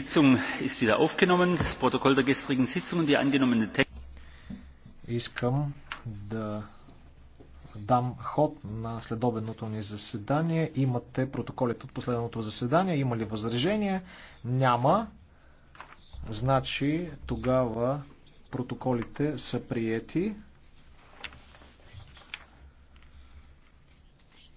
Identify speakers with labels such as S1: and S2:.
S1: Sitzung ist wieder aufgenommen. Das Protokoll der gestrigen Sitzung und die
S2: Искам да дам ход на следобедното ни заседание. Имате протоколите от последното заседание. Има ли възражение? Няма. Значи тогава протоколите са приети.